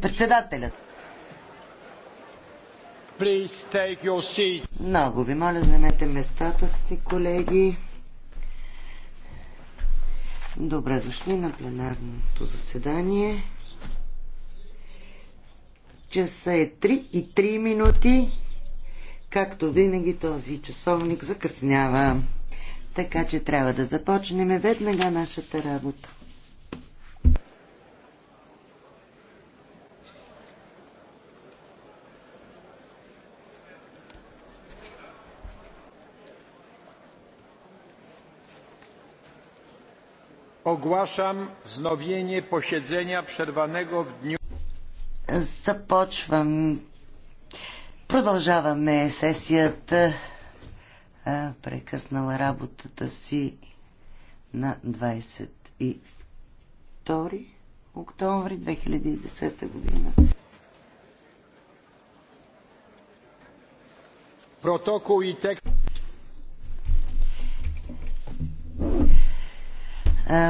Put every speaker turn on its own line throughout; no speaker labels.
Председателят. Много ви моля, вземете местата си, колеги. Добре дошли на пленарното заседание. Часа е 3 и 3 минути. Както винаги този часовник закъснява. Така че трябва да започнем веднага нашата работа. Ogłaszam wznowienie posiedzenia przerwanego w dniu. Започвам. Продължаваме сесията. Прекъснала работата си на 22 октомври 2010 година. Протокол и текст.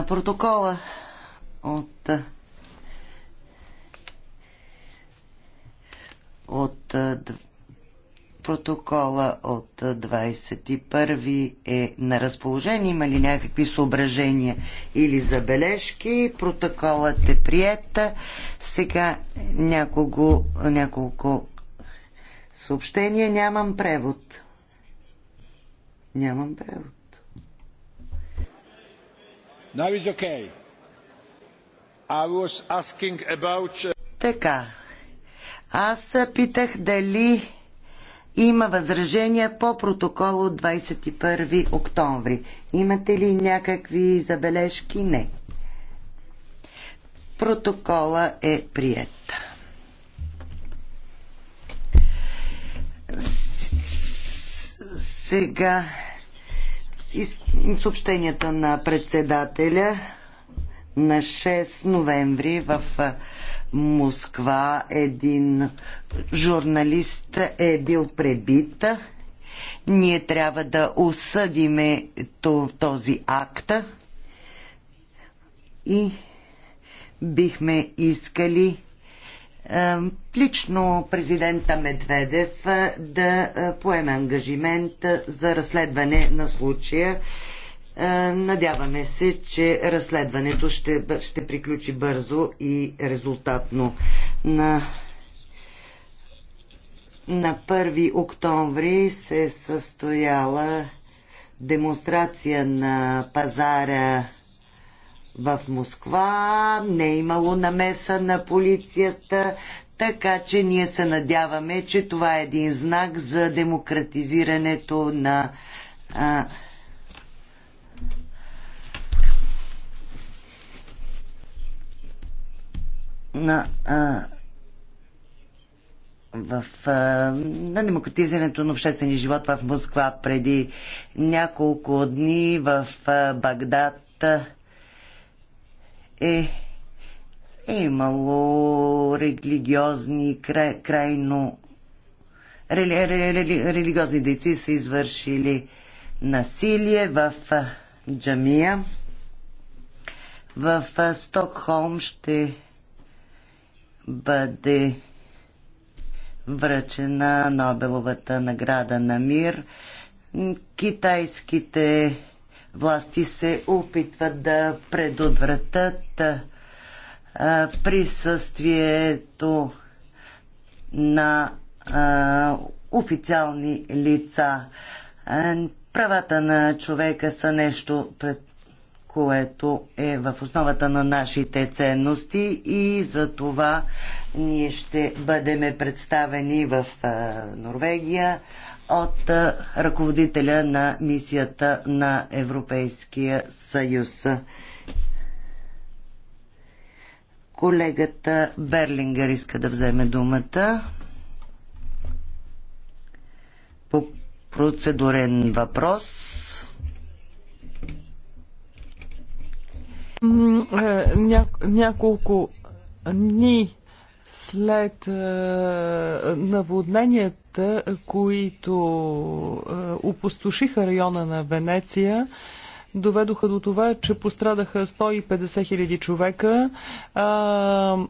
Протокола от от протокола от 21 е на разположение. Има ли някакви съображения или забележки? Протоколът е приета. Сега няколко, няколко съобщения. Нямам превод. Нямам превод. Uh, така. Аз питах дали има възражения по протокол от 21 октомври. Имате ли някакви забележки? Не. Протокола е прият. Сега съобщенията на председателя на 6 ноември в Москва един журналист е бил пребит. Ние трябва да осъдиме този акт и бихме искали лично президента Медведев е, да е, поеме ангажимент е, за разследване на случая. Надяваме се, че разследването ще, ще приключи бързо и резултатно. На, на 1 октомври се състояла демонстрация на пазара в Москва, не е имало намеса на полицията, така че ние се надяваме, че това е един знак за демократизирането на а, на а, в, а, на демократизирането на обществения живот в Москва преди няколко дни в а, Багдад е, е имало религиозни, край, крайно рели, рели, религиозни дейци са извършили насилие в джамия. В Стокхолм ще бъде връчена Нобеловата награда на мир. Китайските власти се опитват да предотвратят присъствието на официални лица. Правата на човека са нещо пред което е в основата на нашите ценности и за това ние ще бъдем представени в Норвегия, от ръководителя на мисията на Европейския съюз. Колегата Берлингер иска да вземе думата по процедурен въпрос. Е, няколко дни след е, наводненията, които е, опустошиха района на Венеция, доведоха до това, че пострадаха 150 хиляди човека.